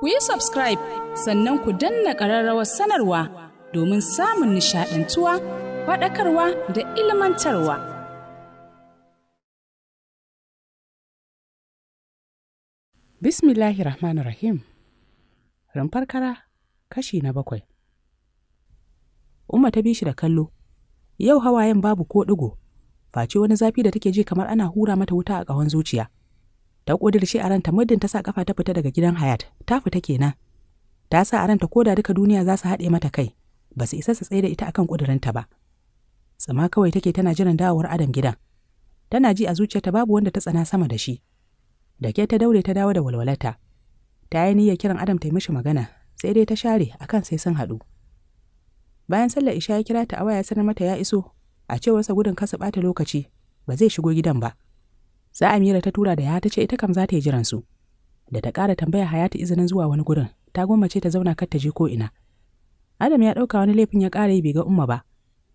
ku yi subscribe sannan ku danna ƙararrawar sanarwa domin samun nishaɗantuwa faɗakarwa da ilmantarwa. Bismillahir Rahmanir Rahim Rumfar kara kashi na bakwai Umma ta bi shi da kallo, yau hawayen babu ko ɗigo, face wani zafi da take ji kamar ana hura mata wuta a ƙahon zuciya. ta ƙudirce a ranta muddin ta sa kafa ta fita daga gidan hayat ta fita kenan ta sa a ranta koda duka duniya za su haɗe mata kai ba su isa su tsaye da ita akan ƙudirinta ba Tsama kawai take tana jiran dawowar adam gidan tana ji a zuciyarta babu wanda ta tsana sama da shi da ke ta daure ta dawo da walwalata. ta yi niyyar kiran adam ta yi mishi magana sai dai ta share akan sai sun haɗu bayan sallar isha ya kira ta a waya sanar mata ya iso a cewarsa gudun kasa ɓata lokaci ba zai shigo gidan ba sai Amira ta tura da ya ta ce ita kam za ta yi jiran su. Da ta ƙara tambaya Hayatu izinin zuwa wani gurin, ta gwammace ta zauna kar ta je ko ina. Adam ya ɗauka wani laifin ya ƙara yi bai ga Umma ba.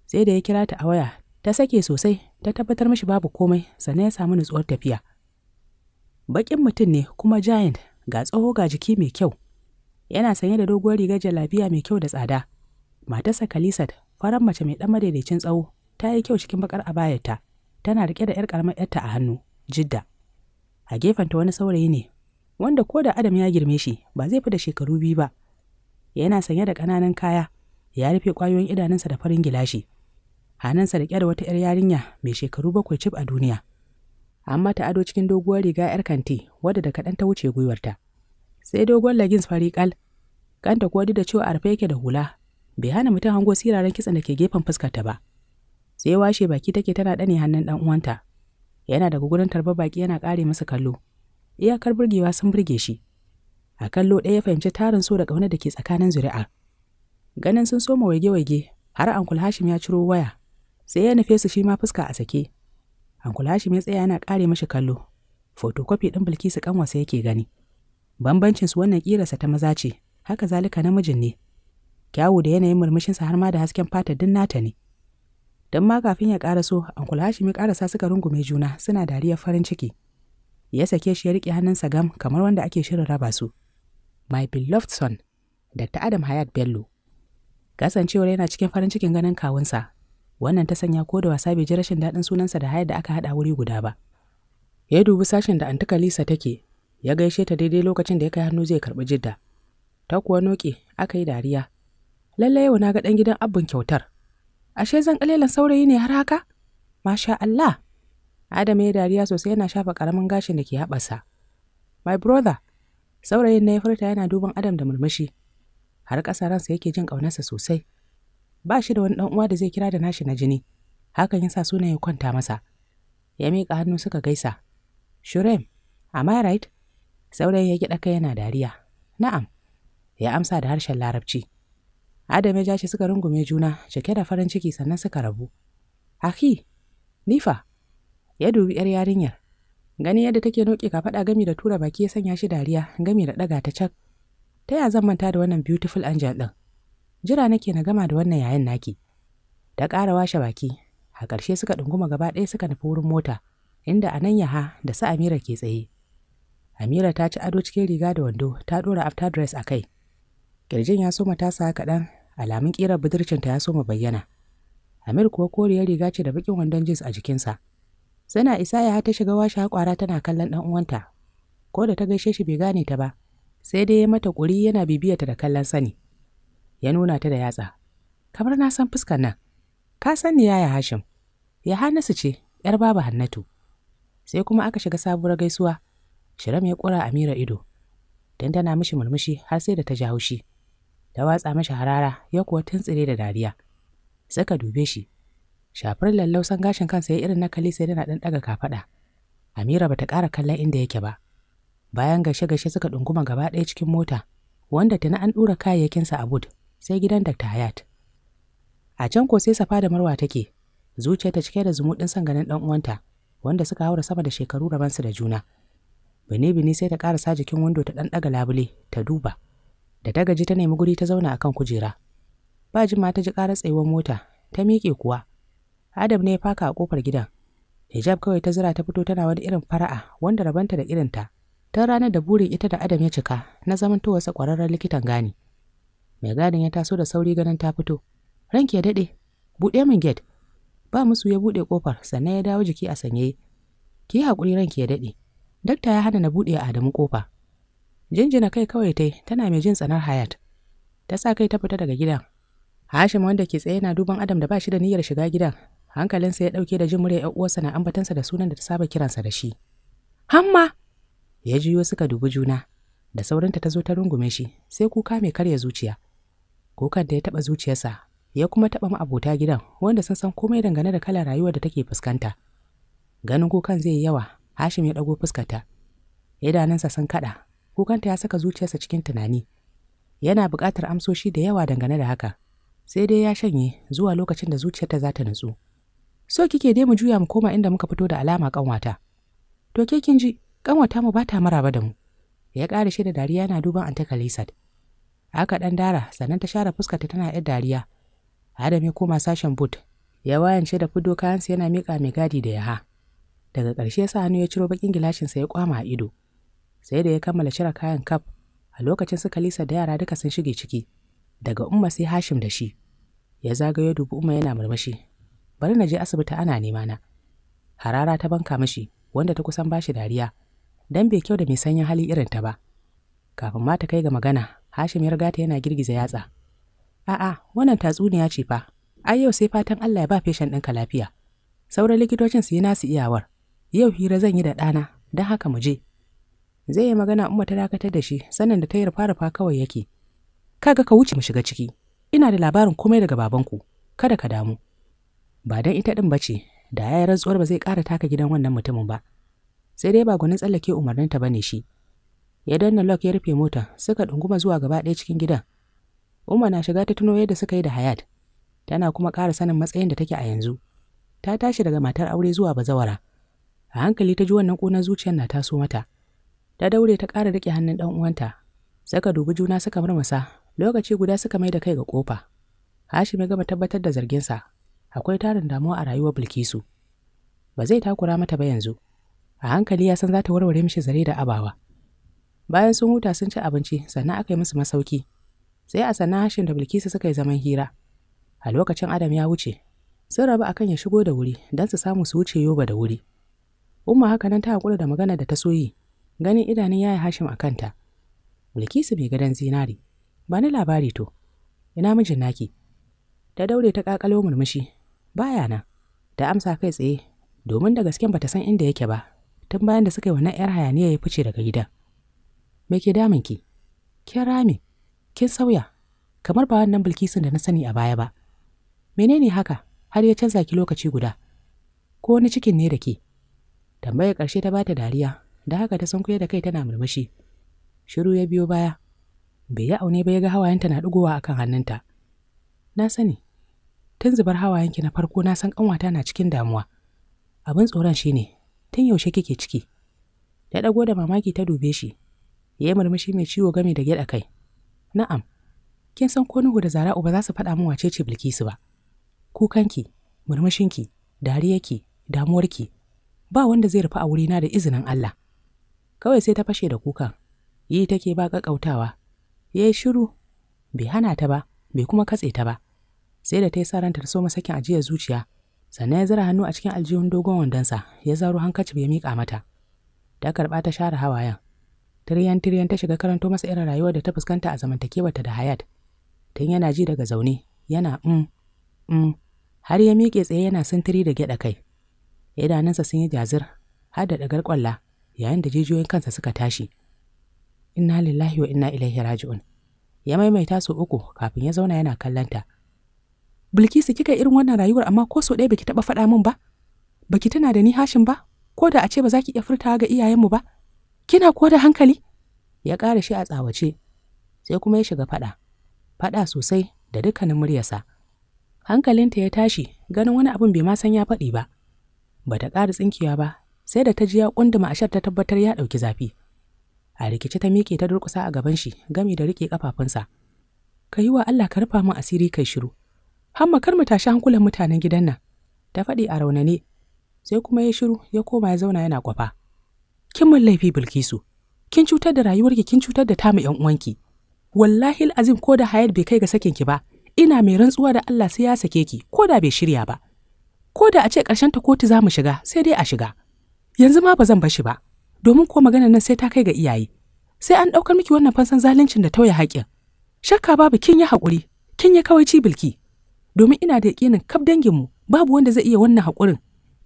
Sai da ya kira ta a waya, ta sake sosai, ta tabbatar mishi babu komai, sannan ya samu nutsuwar tafiya. Baƙin mutum ne kuma giant ga tsoho ga jiki mai kyau. Yana sanye da doguwar rigar jalabiya mai kyau da tsada. Matarsa kalisat farar mace mai ɗan madaidaicin tsawo, ta yi kyau cikin bakar abayarta. Tana riƙe da 'yar ƙaramar 'yarta a hannu. jidda a gefenta wani saurayi ne wanda ko da adam ya girme shi ba zai fi da shekaru biyu ba yana sanye da ƙananan kaya ya rufe ƙwayoyin idanunsa da farin gilashi hannunsa da da wata 'yar yarinya mai shekaru bakwai cif a duniya an mata ado cikin doguwar riga 'yar kanti wadda da kaɗan ta wuce gwiwarta sai dogon lagins fari ƙal kanta ko duk da cewa a yake da hula bai hana mutum hango siraran kitson da ke gefen fuskarta ba sai washe baki take tana ɗane hannun ɗan uwanta yana daga gurin tarba baki yana kare masa kallo iyakar burgewa sun burge shi a kallo ɗaya ya fahimci tarin so da ƙaunar da ke tsakanin zuri'a. ganin sun soma waige-waige har ankul hashim ya ciro waya sai ya nufe su shi ma fuska a sake ankul hashim ya tsaya yana ƙare mashi kallo fotokofi ɗin bilkisu ƙanwarsa yake gani bambancin su wannan ƙirarsa ta maza ce haka zalika namijin ne kyawu da yanayin murmushinsa har ma da hasken fata din nata ne don ma kafin ya so, ankul hashim ya sa suka rungume juna suna dariyar farin ciki ya sake shi ya riƙe hannunsa gam kamar wanda ake shirin raba su my beloved son dr adam hayat bello kasancewar yana cikin farin cikin ganin kawunsa wannan ta sanya ko da wasa bai ji rashin daɗin sunansa da hayar da aka haɗa wuri guda ba ya dubi sashen da antuka lisa take ya gaishe ta daidai lokacin da ya kai hannu zai karɓi jidda ta kuwa noke aka yi dariya lallai yau na ga ɗan gidan abin kyautar ashe zan kalilan saurayi ne har haka? Masha Allah! Adam ya dariya sosai yana shafa ƙaramin gashin da ke haɓasa. My brother, saurayin na ya furta yana duban Adam da murmushi. Har ƙasa ransa yake jin ƙaunarsa sosai. Ba shi da wani ɗan uwa da zai kira da nashi na jini. Hakan ya sa sunan ya kwanta masa. Ya miƙa hannu suka gaisa. Shurem, am I right? Saurayin ya gyaɗa kai yana dariya. Na'am, ya amsa da harshen Larabci. Adam ya ja shi suka rungume juna cike da farin ciki sannan suka rabu. Aki, nifa, ya dubi ‘yar yarinyar. Gani yadda take noƙe ka faɗa gami da tura baki ya sanya shi dariya gami da ɗaga ta cak. Ta ya zan manta da wannan beautiful angel ɗin? Jira nake na gama da wannan yayan naki. Ta ƙara washe baki, a ƙarshe suka ɗunguma gaba ɗaya suka nufi wurin mota, inda a nan yaha da sa Amira ke tsaye. Amira ta ci ado cikin riga da wando ta ɗora after dress a kai. Ƙirjin ya so matasa kaɗan alamun ƙirar budurcinta ya soma bayyana. Amir kuwa ya riga ce da bakin wandon jeans a jikinsa. Sana isa ya ta shiga washe haƙwara tana kallon ɗan uwanta. Ko da ta gaishe shi bai gane ta ba, sai dai ya mata ƙuri yana ta da kallon sani. Ya nuna ta da yatsa. Kamar na san fuskar nan. Ka san ni yaya Hashim. ya hanasu ce, ‘yar baba Hannatu. Sai kuma aka shiga sabuwar gaisuwa. Shiram ya ƙura Amira ido. Dan tana mishi murmushi har sai da ta ja haushi. ta watsa mashi harara ya kuwa tun tsire da dariya suka dube shi shafar lallausan gashin kansa ya irin na sai yana ɗan ɗaga kafaɗa amira bata ƙara kallon inda yake ba bayan gashe-gashe suka ɗunguma gaba ɗaya cikin mota wanda tana an ɗura kayayyakinsa a bud sai gidan dr hayat a can ko sai safa da marwa take ta cike da zumuɗin sanganin ganin ɗan uwanta wanda suka haura sama da shekaru rabansu da juna bini-bini sai ta sa jikin wando ta ɗan ɗaga labule ta duba da ta gaji ta nemi guri ta zauna akan kujera ba jima ta ji ƙarar tsayuwar mota ta miƙe kuwa adam ne ya faka a ƙofar gidan hijab kawai ta zira ta fito tana wani irin fara'a wanda rabanta da irin ta ranar da burin ita da adam ya cika na zaman zamantowarsa ƙwararren likitan gani mai gadin ya taso da sauri ganin ta fito ranki ya daɗe buɗe min gate ba musu ya buɗe ƙofar sannan ya dawo jiki a sanye ki yi haƙuri ranki ya daɗe dakta ya hana na buɗe a adamu ƙofa Jinjina kai kawai tai tana mai jin tsanar Hayat. Ta sa kai ta fita daga gidan. Hashim wanda ke tsaye yana duban Adam da ba shi da niyyar shiga gidan. Hankalinsa ya ɗauke da jin muryar uwarsa na ambatansa da sunan da ta saba kiransa da shi. Hamma! Ya jiyo suka dubi juna. Da saurinta ta zo ta rungume shi, sai kuka mai karya zuciya. Kukan da ya taɓa zuciyarsa, ya kuma taɓa ma'abota gidan wanda sun san komai dangane da kalar rayuwar da take fuskanta. Ganin kukan zai yi yawa, Hashim ya ɗago fuskarta. Idanunsa sun kaɗa, kukanta ya saka zuciyarsa cikin tunani yana buƙatar amsoshi da yawa dangane da haka sai dai ya shanye zuwa lokacin da zuciyarta za ta nutsu so kike dai mu juya mu koma inda muka fito da alama kanwata to ke kin ji kanwata mu ba ta maraba da mu ya ƙara shi da dariya yana duban anta kalisat aka dan dara sannan ta share fuskarta tana yar dariya adam ya koma sashen boot ya wayance da fudo kayansa yana miƙa mai gadi da yaha daga ƙarshe sa hannu ya ciro bakin gilashinsa ya kwama a ido sai da ya kammala cire kayan kaf a lokacin su kalisa da yara duka sun shige ciki daga umma sai hashim da shi ya zagayo dubu umma yana murmushi bari na je asibiti ana nema na harara ta banka mashi wanda ta kusan bashi dariya dan bai kyau da mai sanyin hali irin ta ba kafin ma ta kai ga magana hashim ya riga ta yana girgiza yatsa a'a wannan tatsuniya ce fa ai yau sai fatan Allah ya ba feshen ɗinka lafiya sauran likitocin su yi nasu iyawar yau hira zan yi da ɗana don haka mu je Zai yi magana Umma ta dakatar da shi, sannan da ta yi rufa-rufa kawai yake. Kaga ka wuce mu shiga ciki, ina da labarin komai daga babanku, kada ka damu. Ba dan ita din bace da ya yi rantsuwar ba zai ƙara taka gidan wannan mutumin ba. Sai dai ba gwanin tsallake umarninta ba ne shi. Ya danna lock ya rufe mota, suka dunguma zuwa gaba ɗaya cikin gidan. Umma na shiga ta tuno yadda suka yi da Hayat, tana kuma ƙara sanin matsayin da take a yanzu. Ta tashi daga matar aure zuwa bazawara. A hankali ta ji wannan ƙunar zuciyar na taso mata. ta daure ta ƙara riƙe hannun ɗan uwanta suka dubi juna suka murmusa lokaci guda suka mai da kai ga ƙofa hashim ya gama tabbatar da zarginsa akwai tarin damuwa a rayuwar bilkisu ba zai takura mata ba yanzu a hankali ya san za ta warware mishi zare da abawa bayan sun huta sun ci abinci sannan aka yi musu masauki sai a sannan hashin da bilkisu suka yi zaman hira a lokacin adam ya wuce sun rabu akan ya shigo da wuri don su samu su wuce yoba da wuri umma haka nan ta haƙura da magana da ta so ganin idanun yaya Hashim a kanta. Bilkisu mai gadon zinari, ba ni labari to, ina mijin naki. Ta daure ta ƙaƙalo murmushi, baya nan, ta amsa kai tsaye, domin da gasken bata san inda yake ba, tun bayan da suka yi wannan 'yar hayaniya ya fice daga gidan. Me ke damun ki? Kin rame, kin sauya, kamar ba wannan Bilkisun da na sani a baya ba. Menene haka har ya canza ki lokaci guda? Ko wani cikin ne da ke? Tambayar ƙarshe ta bata dariya, da haka ta san koya da kai tana murmushi shiru ya biyo baya bai yi aune ba ya ga hawayenta na ɗigowa a kan hannunta na sani tun zubar hawayenki na farko na san ƙanwata na cikin damuwa abin tsoron ne. tun yaushe kike ciki ya ɗago da mamaki ta dube shi ya yi murmushi mai ciwo game da gyaɗa kai na'am kin san ko nuhu da zara uba za su faɗa min wace ce bilkisu ba kukanki murmushinki dariyarki damuwarki ba wanda zai rufe a wurina da izinin Allah kawai sai ta fashe da kukan yi take ba ƙaƙautawa ya yi shiru bai hana ta ba bai kuma katse ta ba sai da ta yi saranta ta ma sakin ajiyar zuciya sannan ya zira hannu a cikin aljihun dogon wandonsa ya zaro hankaci ya mika mata ta karɓa ta share hawayen tiryan tiryan ta shiga karanto masa irin rayuwar da ta fuskanta a ta da hayat tun yana ji daga zaune yana mm mm har ya miƙe tsaye yana sintiri da gyaɗa kai idanunsa sun yi jazir har da ɗagar ƙwalla yayin da jijiyoyin kansa suka tashi inna lillahi wa inna ilaihi raji'un ya maimaita su uku kafin ya zauna yana kallanta bilkisu kika irin wannan rayuwar amma ko so ɗaya baki taɓa faɗa min ba baki tana da ni hashin ba ko da a ce ba za ki iya furtawa ga iyayenmu ba kina ko da hankali ya ƙara shi a tsawace sai kuma ya shiga faɗa faɗa sosai da dukkanin muryarsa hankalinta ya tashi ganin wani abin bai ma san ya faɗi ba bata ƙara tsinkiya ba sai da ta ji ya kunduma ashar ta tabbatar ya ɗauki zafi. A rikice ta miƙe ta durƙusa a gaban shi gami da riƙe ƙafafunsa. Ka yi wa Allah ka rufa mun asiri kai shiru. Hamma kar mu tashi hankulan mutanen gidan nan. Ta faɗi a ne. Sai kuma ya shiru ya koma ya zauna yana kwafa. Kin mun laifi Bilkisu. Kin cutar da rayuwarki kin cutar da tamu ƴan uwanki. Wallahi azim ko da hayar bai kai ga sakinki ba. Ina mai rantsuwa da Allah sai ya sake ki ko da bai shirya ba. Ko da a ce ƙarshen ta kotu za mu shiga sai dai a shiga. yanzu ma ba zan bashi ba domin ko maganar nan sai ta kai ga iyaye sai an ɗaukar miki wannan fansan zaluncin da tauye haƙƙin shakka babu kin yi haƙuri kin yi kawai ci bilki domin ina da yaƙinin kaf danginmu babu wanda zai iya wannan hakurin.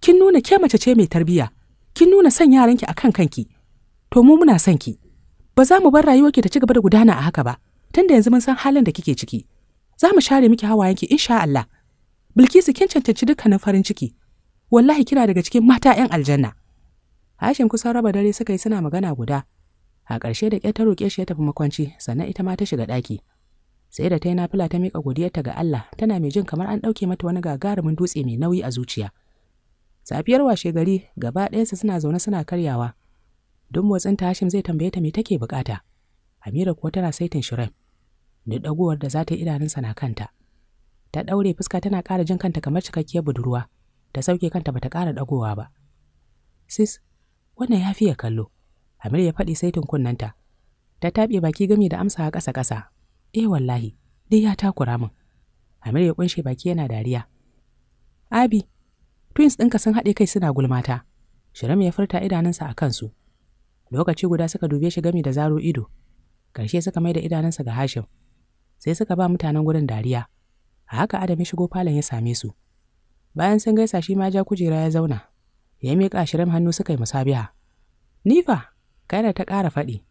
kin nuna ke mace ce mai tarbiyya kin nuna son yaranki akan kanki to mu muna son ki ba za mu bar rayuwarki ta ci gaba da gudana a haka ba tunda yanzu mun san halin da kike ciki za mu share miki hawayenki insha Allah Bilkisu kin cancanci dukkanin farin ciki wallahi kina daga cikin mata 'yan aljanna Aishin kusan raba dare suka yi suna magana guda. A ƙarshe da ƙyar roƙe shi ya tafi makwanci sannan ita ma ta shiga ɗaki. Sai da ta yi nafila ta miƙa godiyarta ga Allah tana mai jin kamar an ɗauke mata wani gagarumin dutse mai nauyi a zuciya. Safiyar washe gari gaba ɗayansu suna zaune suna karyawa. Duk motsin ta Hashim zai tambaye ta me take buƙata. Amira kuwa tana saitin shirin. Duk ɗaguwar da za ta yi idanunsa na kanta. Ta ɗaure fuska tana ƙara jin kanta kamar cikakkiyar budurwa. Ta sauke kanta bata ƙara ɗagowa ba. Sis, wannan ya fiye kallo Amir ya faɗi saitin kunnanta ta taɓe baki gami da amsa a ƙasa-ƙasa eh wallahi dai ya takura min Amir ya kunshe baki yana dariya Abi twins ɗinka sun haɗe kai suna gulmata Shiram ya furta idanunsa a kansu lokaci guda suka dube shi gami da zaro ido ƙarshe suka mai da idanunsa ga Hashim sai suka ba mutanen gurin dariya a haka Adam ya shigo falon ya same su bayan sun gaisa shi ma ja kujera ya zauna ya miƙa shirin hannu suka yi musabiha. Nifa, kaina ta ƙara faɗi.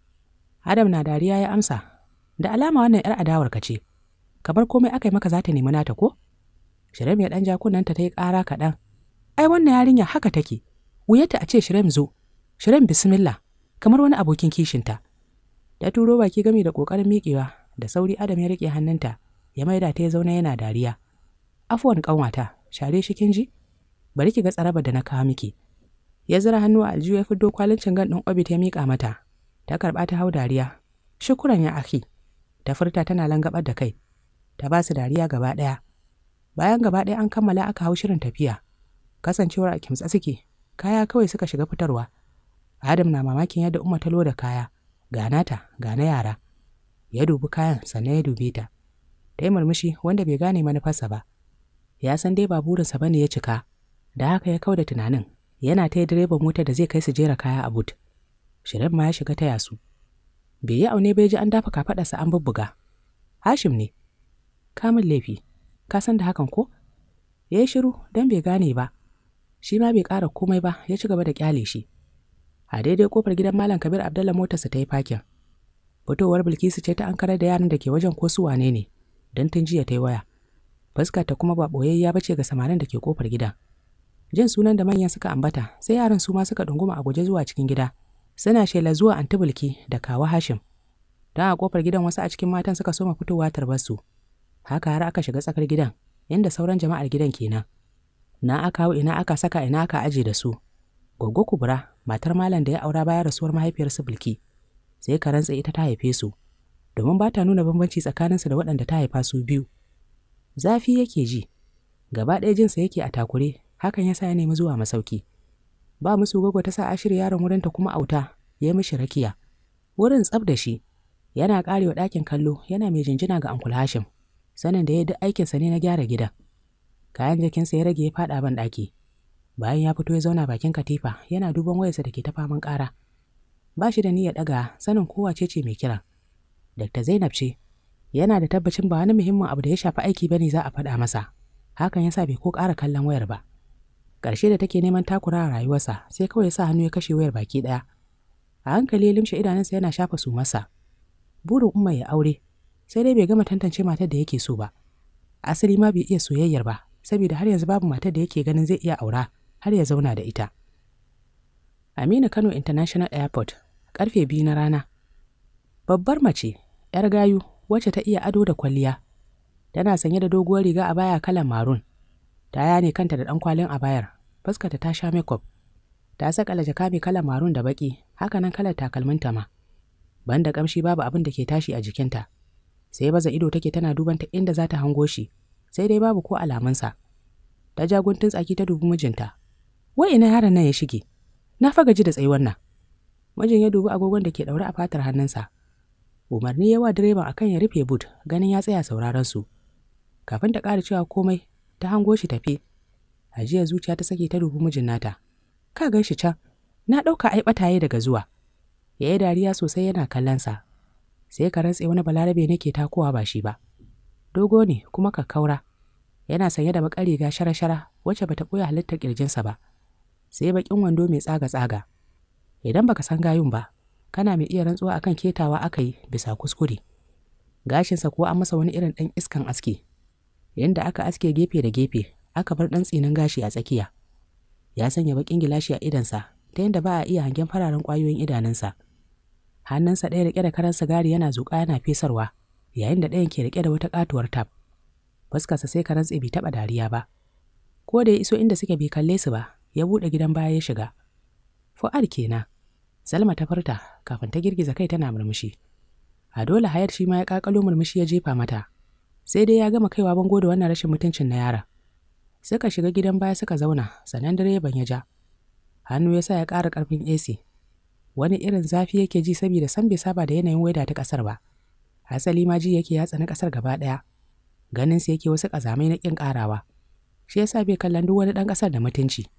Adam na dariya ya amsa, da alama wannan 'yar adawar ka ce, kamar komai aka yi maka za ta nemi nata ko? Shirin ya ɗan jakunanta ta yi ƙara kaɗan. Ai wannan yarinya haka take, wuyarta a ce Shirin zo, Shirin bismillah, kamar wani abokin kishinta. Ta turo baki gami da ƙoƙarin miƙewa, da sauri Adam ya riƙe hannunta, ya maida ta ya zauna yana dariya. Afuwan ƙanwata, share shi kin ji? bari ki ga tsaraba da na kawo miki ya zira hannu a aljihu ya fiddo kwalin cingan ɗin obit ya miƙa mata ta karɓa ta hau dariya shukuran ya aki ta furta tana langabar da kai ta ba su dariya gaba ɗaya bayan gaba ɗaya an kammala aka hau shirin tafiya kasancewar a kimtsa suke kaya kawai suka shiga fitarwa adam na mamakin yadda umma ta loda kaya gana ta gana yara ya dubi kayan sannan ya dube ta ta yi murmushi wanda bai gane manufarsa ba ya san dai ba burinsa ba ne ya cika da haka ya kau da tunanin yana ta direban mota da zai kai su jera kaya a but shirin ma ya shiga ta yasu? bai yi aune bai ji an dafa kafaɗarsa an bubbuga hashim ne kamun laifi ka san da hakan ko ya yi shiru don bai gane ba shi ma bai ƙara komai ba ya ci gaba da ƙyale shi a daidai kofar gidan malam kabir abdalla motarsa ta yi fakin fitowar bilkisu ce ta ankara da yaran da ke wajen ko su wane ne don tun jiya ta yi waya fuska ta kuma ba ɓoyayya ba ce ga samarin da ke kofar gidan jin sunan da manyan suka ambata sai yaran su ma suka ɗunguma a guje zuwa cikin gida suna shela zuwa antibulki da kawo hashim don a kofar gidan wasu a cikin matan suka soma fitowa tarbasu haka har aka shiga tsakar gidan inda sauran jama'ar gidan kenan na aka hau ina aka saka ina aka aje da su Goggo kubura matar malam da ya aura bayan rasuwar mahaifiyarsu bilki sai ka rantsa ita ta haife su domin ba ta nuna bambanci tsakaninsu da waɗanda ta haifa su biyu zafi yake ji gaba ɗaya jinsa yake a takure hakan ya sa ya nemi zuwa masauki ba musu gogo ta sa shirya yaron wurin ta kuma auta ya mishi rakiya wurin tsab da shi yana karewa ɗakin kallo yana mai jinjina ga ankul hashim sanin da ya duk aikinsa ne na gyara gida kayan jikinsa ya rage ya faɗa ban ɗaki bayan ya fito ya zauna bakin katifa yana duban wayarsa da ke ta faman ƙara ba shi da niyyar ɗaga sanin kowa ce ce mai kira Dr. Zainab ce yana da tabbacin ba wani muhimmin abu da ya shafi aiki bane za a faɗa masa hakan yasa bai ko ƙara kallon wayar ba ƙarshe da take neman takura a rayuwarsa sai kawai ya sa hannu ya kashe wayar baki ɗaya a hankali ya limshe idanunsa yana shafa su masa burin umar ya aure sai dai bai gama tantance matar da yake so ba asali ma bai iya soyayyar ba saboda har yanzu babu matar da yake ganin zai iya aura har ya zauna da ita Aminu Kano International Airport karfe biyu na rana babbar mace 'yar gayu wacce ta iya ado da kwalliya tana sanye da doguwar riga a baya kalan marun ta ne kanta da ɗan kwalin a bayar? fuskarta ta sha makeup ta saka jaka mai kalar marun da baki haka nan kalar takalminta ma banda kamshi babu abin da ke tashi a jikinta sai baza ido take tana duban ta inda za ta hango shi sai dai babu ko alamunsa ta ja guntun tsaki ta dubi mijinta wai ina yaron nan ya shige na fa gaji da tsayi wannan. mijin ya dubi agogon da ke daure a fatar hannunsa umarni yawa direban akan ya rufe but ganin ya tsaya sauraron su kafin ta ƙara cewa komai ta hango shi tafe hajiya zuciya ta sake ta dubi mijin nata ka gan shi can na ɗauka ai ɓataye daga zuwa ya yi dariya sosai yana kallonsa sai ka rantse wani balarabe nake takowa ba shi ba dogo ne kuma ka kaura. yana sanye da bakar riga shara-shara wacce bata ɓoye halittar ƙirjinsa ba sai bakin wando mai tsaga-tsaga idan baka san gayun ba kana mai iya rantsuwa akan ketawa aka yi bisa kuskure gashinsa ko an masa wani irin ɗan iskan aski yadda aka aske gefe da gefe aka bar ɗan tsinin gashi a tsakiya ya sanya baƙin gilashi a idansa ta yadda ba a iya hangen fararen ƙwayoyin idanunsa hannunsa ɗaya riƙe da karan sigari yana zuƙa yana fesarwa yayin da ɗayan ke riƙe da wata ƙatuwar tab fuskarsa sai karan tsibi taɓa dariya ba ko da ya iso inda suke bai kalle su ba ya buɗe gidan baya ya shiga fu'ad kenan salma ta furta kafin ta girgiza kai tana murmushi a dole hayar shi ma ya ƙaƙalo murmushi ya jefa mata sai dai ya gama kaiwa bango da wannan rashin mutuncin na yara suka shiga gidan baya suka zauna sannan direban ya ja hannu ya sa ya ƙara ƙarfin ac wani irin zafi yake ji saboda san bai saba da yanayin waida ta ƙasar ba asali ma ji yake yatsa na ƙasar gaba ɗaya ganin sa yake wasu ƙazamai na ƙin ƙarawa shi yasa bai kallon duk wani ɗan ƙasar da mutunci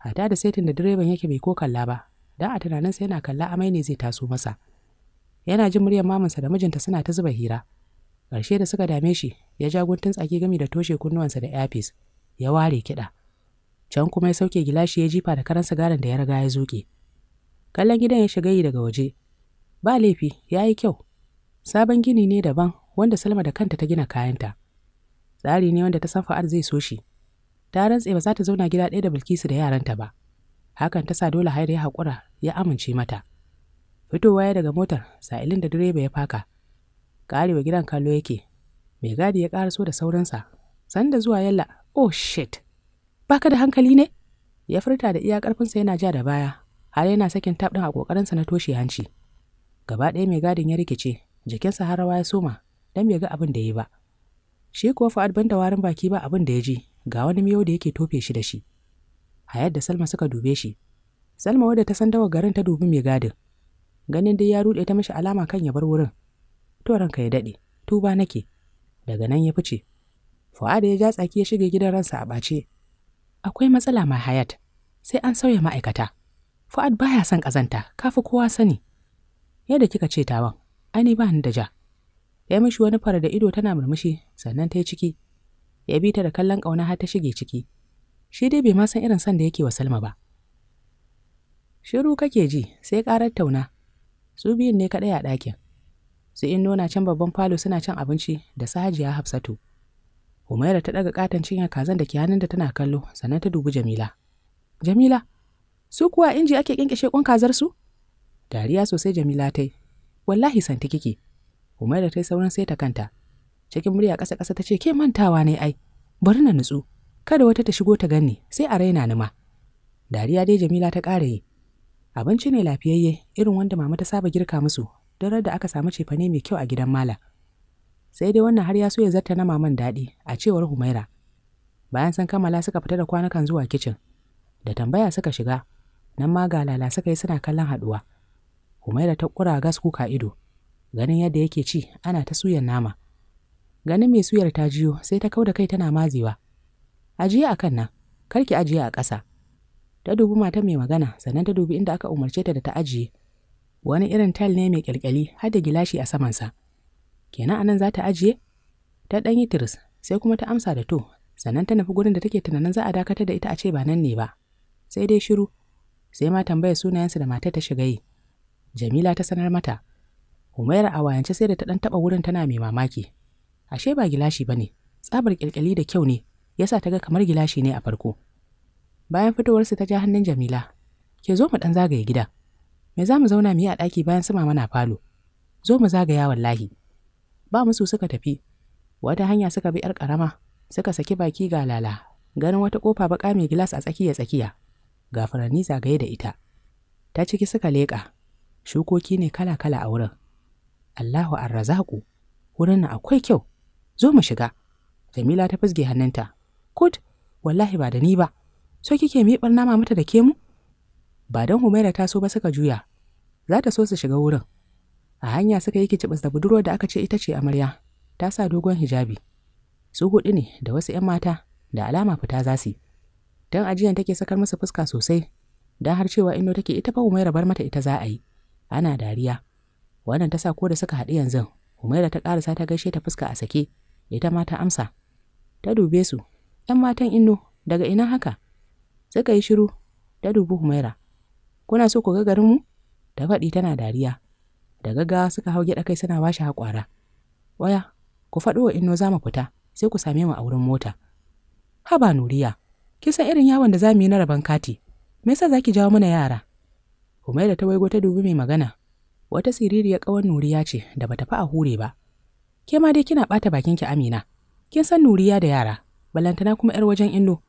hata da saitin da direban yake bai ko kalla ba don a tunaninsa yana kalla amai ne zai taso masa yana jin muryar mamansa da mijinta suna ta zuba hira Karshe da suka dame shi ya ja guntun tsaki gami da toshe kunnuwansa da airpiece ya ware kiɗa can kuma ya sauke gilashi ya jifa da karan sigaran da ya riga ya zuƙe kallon gidan ya shiga yi daga waje ba laifi ya yi kyau sabon gini ne daban wanda salma da kanta ta gina kayanta tsari ne wanda ta san fa'ar zai so shi ta rantse ba za ta zauna gida ɗaya da bilkisu da yaranta ba hakan ta sa dole haida ya haƙura ya amince mata fitowa ya daga motar sa'ilin da direba ya faka ga wa gidan kallo yake mai gadi ya so da saurinsa sanda zuwa yalla oh shit baka da hankali ne ya furta da iya ƙarfinsa yana ja da baya har yana sakin tab ɗin a ƙoƙarinsa na toshe hanci gaba ɗaya mai gadin ya rikice jikinsa har rawa ya soma don bai ga abin da ya ba shi kuwa fa'ad da warin baki ba abin da ya ji ga wani miyau da yake tofe shi da shi hayar da salma suka dube shi salma wadda ta san dawa garin ta dubi mai gadin ganin dai ya ruɗe ta mishi alama kan ya bar wurin to ranka ya daɗe tuba nake daga nan ya fice fu'ad ya ja tsaki ya shige gidan ransa a ɓace akwai matsala ma hayat sai an sauya ma'aikata fu'ad baya son ƙazanta kafi kowa sani yadda kika ce tawan ani ba ni da ja ya mishi wani fara da ido tana murmushi sannan ta yi ciki ya bi ta da kallon ƙauna har ta shige ciki shi dai bai ma san irin son da yake wa salma ba shiru kake ji sai ƙarar tauna su biyun ne kaɗai a ɗakin su in nuna can babban falo suna cin abinci da su hajiya hafsatu umaira ta daga katon cinya kazan da ke hannun da tana kallo sannan ta dubi jamila jamila su kuwa inji ake kyankyashe kun kazar su dariya sosai jamila ta yi wallahi santi kike umaira ta yi sauran sai ta kanta cikin murya ƙasa ƙasa ta ce ke mantawa ne ai bari na nutsu kada wata ta shigo ta ganni sai a raina ni ma dariya dai jamila ta ƙara yi abinci ne lafiyayye irin wanda mama ta saba girka musu don da aka samu cefane mai kyau a gidan mala. Sai dai wannan har ya so ya zarta na maman daɗi a cewar Humaira. Bayan san kammala suka fita da kwanakan zuwa kicin. Da tambaya suka shiga, nan ma ga lala suka yi suna kallon haɗuwa. Humaira ta ƙura gas kuka ido, ganin yadda yake ci ana ta suyan nama. Ganin mai suyar ta jiyo sai ta kau da kai tana mazewa. Ajiye a kan nan, kar ki ajiye a ƙasa. Ta dubi mata mai magana sannan ta dubi inda aka umarce ta da ta ajiye wani irin tal ne mai kyalkyali har da gilashi a samansa. Kenan anan za ta ajiye? Ta ɗan yi tiris, sai kuma ta amsa da to, sannan ta nufi gurin da take tunanin za a dakatar da ita a ce ba nan ne ba. Sai dai shiru, sai ma tambaya sunayensu da matar ta shiga yi. Jamila ta sanar mata. Humaira a wayance sai da ta ɗan taɓa wurin tana mai mamaki. Ashe ba gilashi ba ne, tsabar kyalkyali da kyau ne, yasa ta ga kamar gilashi ne a farko. Bayan fitowarsu ta ja hannun Jamila, ke zo mu ɗan zagaye gida. Me za mu zauna mu yi a ɗaki bayan su mana falo? Zo mu zagaya wallahi. Ba musu suka tafi. Wata hanya suka bi 'yar ƙarama, suka saki baki ga lala, ganin wata ƙofa baƙa mai gilas a tsakiya-tsakiya. Ga furanni zagaye da ita. Ta ciki suka leƙa. Shukoki ne kala-kala a wurin. Allahu arrazaku. Wurin nan akwai kyau. Zo mu shiga. Jamila ta fizge hannunta. Kut, wallahi ba da ni ba. So kike mi nama mata da ke mu? Ba dan Humaira ta so ba suka juya, za ta so su shiga wurin a hanya suka yi kicibis da budurwar da aka ce ita ce amarya ta sa dogon hijabi su huɗu ne da wasu 'yan mata da alama fita za su yi don ajiyan take sakar musu fuska sosai don har cewa ino take ita fa umaira bar mata ita za a yi ana dariya wannan ta sa ko da suka haɗu yanzu umaira ta ƙarasa ta gaishe ta fuska a sake ita ma ta amsa ta dube su 'yan matan ino daga ina haka suka yi shiru ta dubi umaira kuna so ku ga garinmu ta faɗi tana dariya da gaggawa suka hau gyaɗa kai suna washe haƙwara waya ku faɗo wa inno za mu fita sai ku same mu a wurin mota haba nuriya kin san irin yawon da za mu yi na rabon kati me yasa za ki jawo mana yara da ta waigo ta dubi mai magana wata siririya ƙawar nuriya ce da bata fi a hure ba ke ma dai kina ɓata bakin ki, amina kin san nuriya da yara balantana kuma 'yar wajen inno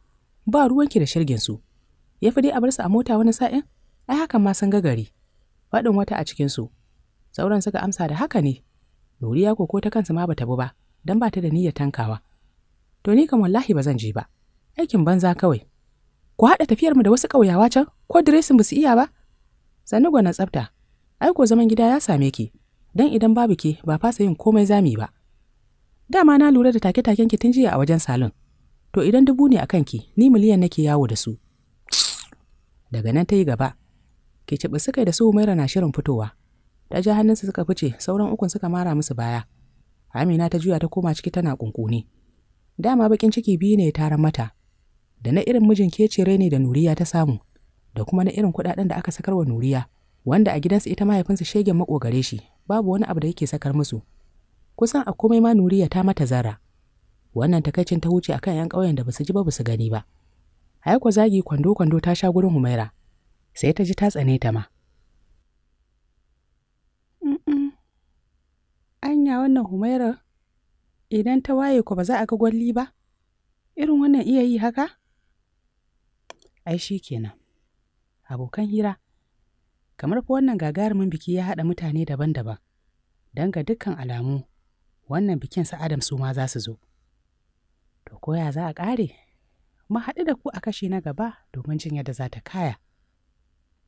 ba ruwanki da shirgin su ya fi dai a bar su a mota wani sa'in ai hakan ma sun ga gari. faɗin wata a cikinsu sauran suka amsa da haka ne Nuriya ko ta kansa ma bata bi ba don ba ta da niyyar tankawa to ni kam wallahi ba zan je ba aikin banza kawai ku haɗa tafiyar mu da wasu ƙauyawa can ko diresin ba su iya ba sannu gwanan tsafta ai ko zaman gida ya same ki don idan babu ke ba fasa yin komai zami ba dama na lura da take-taken ki tun jiya a wajen salon to idan dubu ne a kanki ni miliyan nake yawo da su daga nan ta yi gaba ke ciɓi suka da su Humaira na shirin fitowa. Ta ja hannunsa suka fice, sauran ukun suka mara musu baya. Amina ta juya ta koma ciki tana kunkuni. Dama bakin ciki biyu ne ya mata. Da na irin mijin kecere ne da Nuriya ta samu, da kuma na irin kuɗaɗen da aka sakar wa Nuriya, wanda a gidansa ita mahaifinsa shegen maƙogare shi, babu wani abu da yake sakar musu. Kusan a komai ma Nuriya ta mata zara. Wannan takaicin ta wuce akan 'yan ƙauyen da basu ji ba basu gani ba. Aiko zagi kwando-kwando ta sha gurin Humaira. sai ta ji ta tsane ta ma. Anya wannan humairar idan ta waye ku ba za a ga gwalli ba? Irin wannan iya yi haka? Ai shi kenan. Abokan hira. Kamar fa wannan gagarumin biki ya haɗa mutane daban-daban. Don ga dukkan alamu, wannan bikin sa Adam su ma za su zo. To koya za a ƙare? ma haɗu da ku a kashi na gaba domin jin yadda za ta kaya.